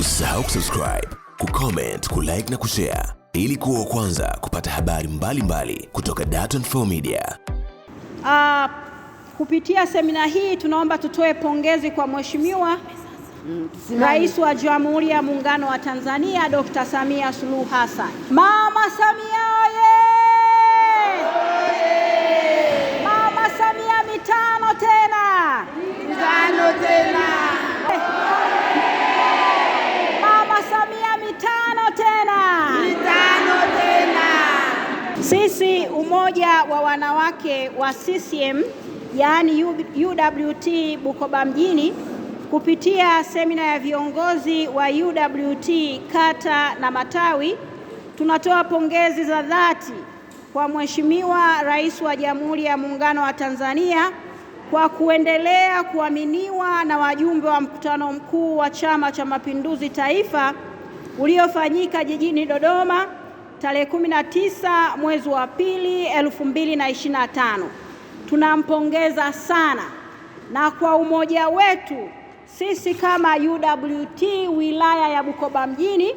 Usisahau kusubscribe, kucomment, kulike na kushare ili kuwa kwanza kupata habari mbalimbali mbali kutoka Dar24 Media. Uh, kupitia semina hii tunaomba tutoe pongezi kwa Mheshimiwa Rais wa Jamhuri ya Muungano wa Tanzania Dr. Samia Suluhu Hassan. Mama Samia Sisi umoja wa wanawake wa CCM yaani UWT Bukoba mjini kupitia semina ya viongozi wa UWT kata na matawi, tunatoa pongezi za dhati kwa Mheshimiwa Rais wa Jamhuri ya Muungano wa Tanzania kwa kuendelea kuaminiwa na wajumbe wa mkutano mkuu wa Chama cha Mapinduzi Taifa uliofanyika jijini Dodoma tarehe 19 mwezi wa pili 2025. Tunampongeza sana na kwa umoja wetu sisi kama UWT wilaya ya Bukoba mjini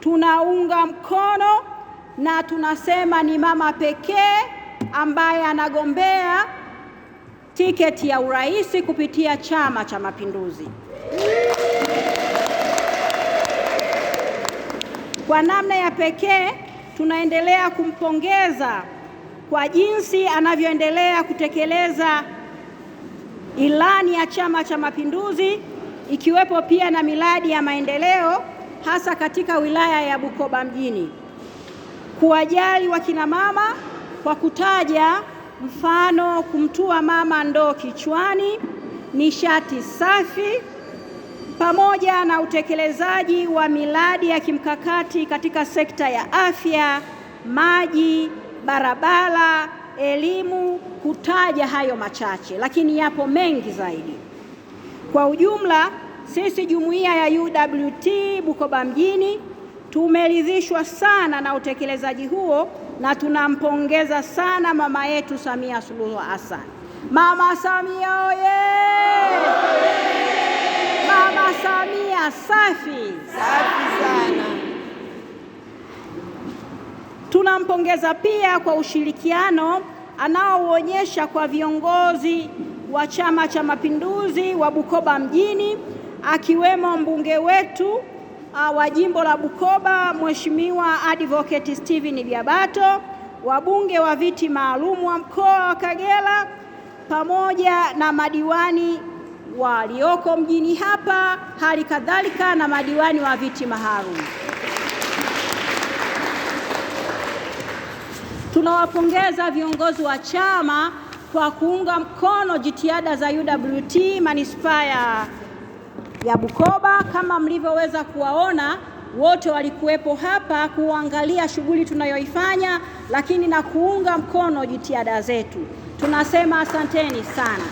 tunaunga mkono na tunasema ni mama pekee ambaye anagombea tiketi ya urais kupitia Chama cha Mapinduzi. Kwa namna ya pekee tunaendelea kumpongeza kwa jinsi anavyoendelea kutekeleza ilani ya Chama cha Mapinduzi ikiwepo pia na miradi ya maendeleo hasa katika wilaya ya Bukoba mjini, kuwajali wakina mama kwa kutaja mfano kumtua mama ndoo kichwani, nishati safi pamoja na utekelezaji wa miradi ya kimkakati katika sekta ya afya, maji, barabara, elimu, kutaja hayo machache, lakini yapo mengi zaidi. Kwa ujumla, sisi jumuiya ya UWT Bukoba mjini tumeridhishwa sana na utekelezaji huo na tunampongeza sana mama yetu Samia Suluhu Hassan. Mama Samia oye! Mama Samia safi, safi sana. Tunampongeza pia kwa ushirikiano anaoonyesha kwa viongozi wa Chama cha Mapinduzi wa Bukoba mjini akiwemo mbunge wetu ah, wa jimbo la Bukoba Mheshimiwa Advocate Steven Biabato, wabunge wa viti maalum wa mkoa wa Kagera pamoja na madiwani walioko mjini hapa, hali kadhalika na madiwani wa viti maalum. Tunawapongeza viongozi wa chama kwa kuunga mkono jitihada za UWT manispaa ya Bukoba. Kama mlivyoweza kuwaona, wote walikuwepo hapa kuangalia shughuli tunayoifanya, lakini na kuunga mkono jitihada zetu. Tunasema asanteni sana.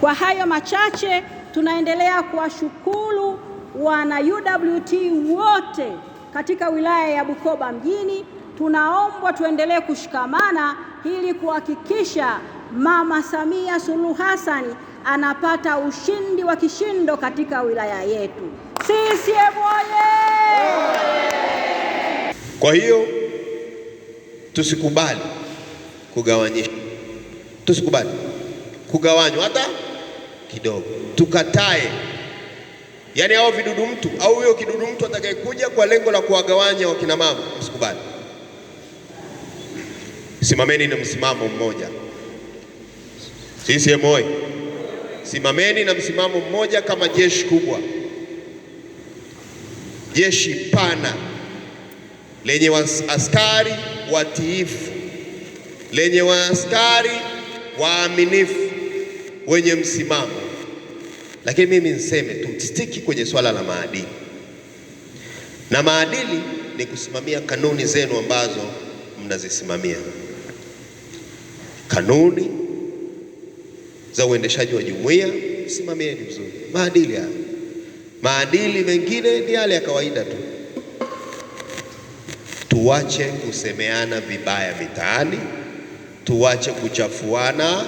Kwa hayo machache, tunaendelea kuwashukuru wana UWT wote katika wilaya ya Bukoba mjini. Tunaombwa tuendelee kushikamana ili kuhakikisha Mama Samia Suluhu Hassan anapata ushindi wa kishindo katika wilaya yetu. CCM oye! Kwa hiyo tusikubali kugawanyishwa, tusikubali kugawanywa hata kidogo, tukatae. Yaani hao vidudu mtu au huyo kidudu mtu atakayekuja kwa lengo la kuwagawanya wakina mama, msikubali. Simameni na msimamo mmoja. sisi oyee! Simameni na msimamo mmoja kama jeshi kubwa, jeshi pana lenye askari watiifu, lenye waaskari waaminifu wenye msimamo. Lakini mimi niseme tumtiki kwenye swala la maadili, na maadili ni kusimamia kanuni zenu ambazo mnazisimamia, kanuni za uendeshaji wa jumuiya simamieni vizuri maadili haya. Maadili mengine ni yale ya kawaida tu. tuwache kusemeana vibaya mitaani, tuwache kuchafuana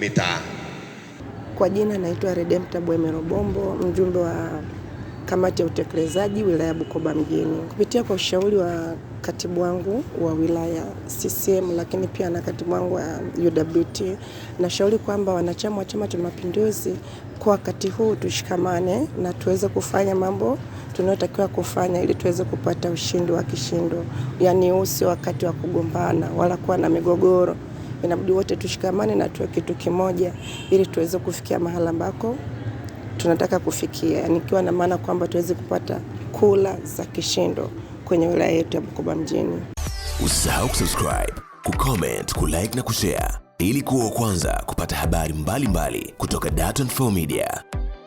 mitaani. Kwa jina naitwa Redempta Bwemero Bombo, mjumbe wa kamati ya utekelezaji wilaya Bukoba mjini. Kupitia kwa ushauri wa katibu wangu wa wilaya CCM, lakini pia na katibu wangu wa UWT, nashauri kwamba wanachama wa Chama cha Mapinduzi kwa wakati huu tushikamane na tuweze kufanya mambo tunayotakiwa kufanya ili tuweze kupata ushindi wa kishindo, yaani usi wakati wa kugombana wala kuwa na migogoro inabidi wote tushikamane na tuwe kitu kimoja, ili tuweze kufikia mahala ambako tunataka kufikia, nikiwa yaani na maana kwamba tuweze kupata kula za kishindo kwenye wilaya yetu ya Bukoba mjini. Usisahau kusubscribe, kucomment, kulike na kushare ili kuwa wa kwanza kupata habari mbalimbali mbali kutoka Dar24 Media.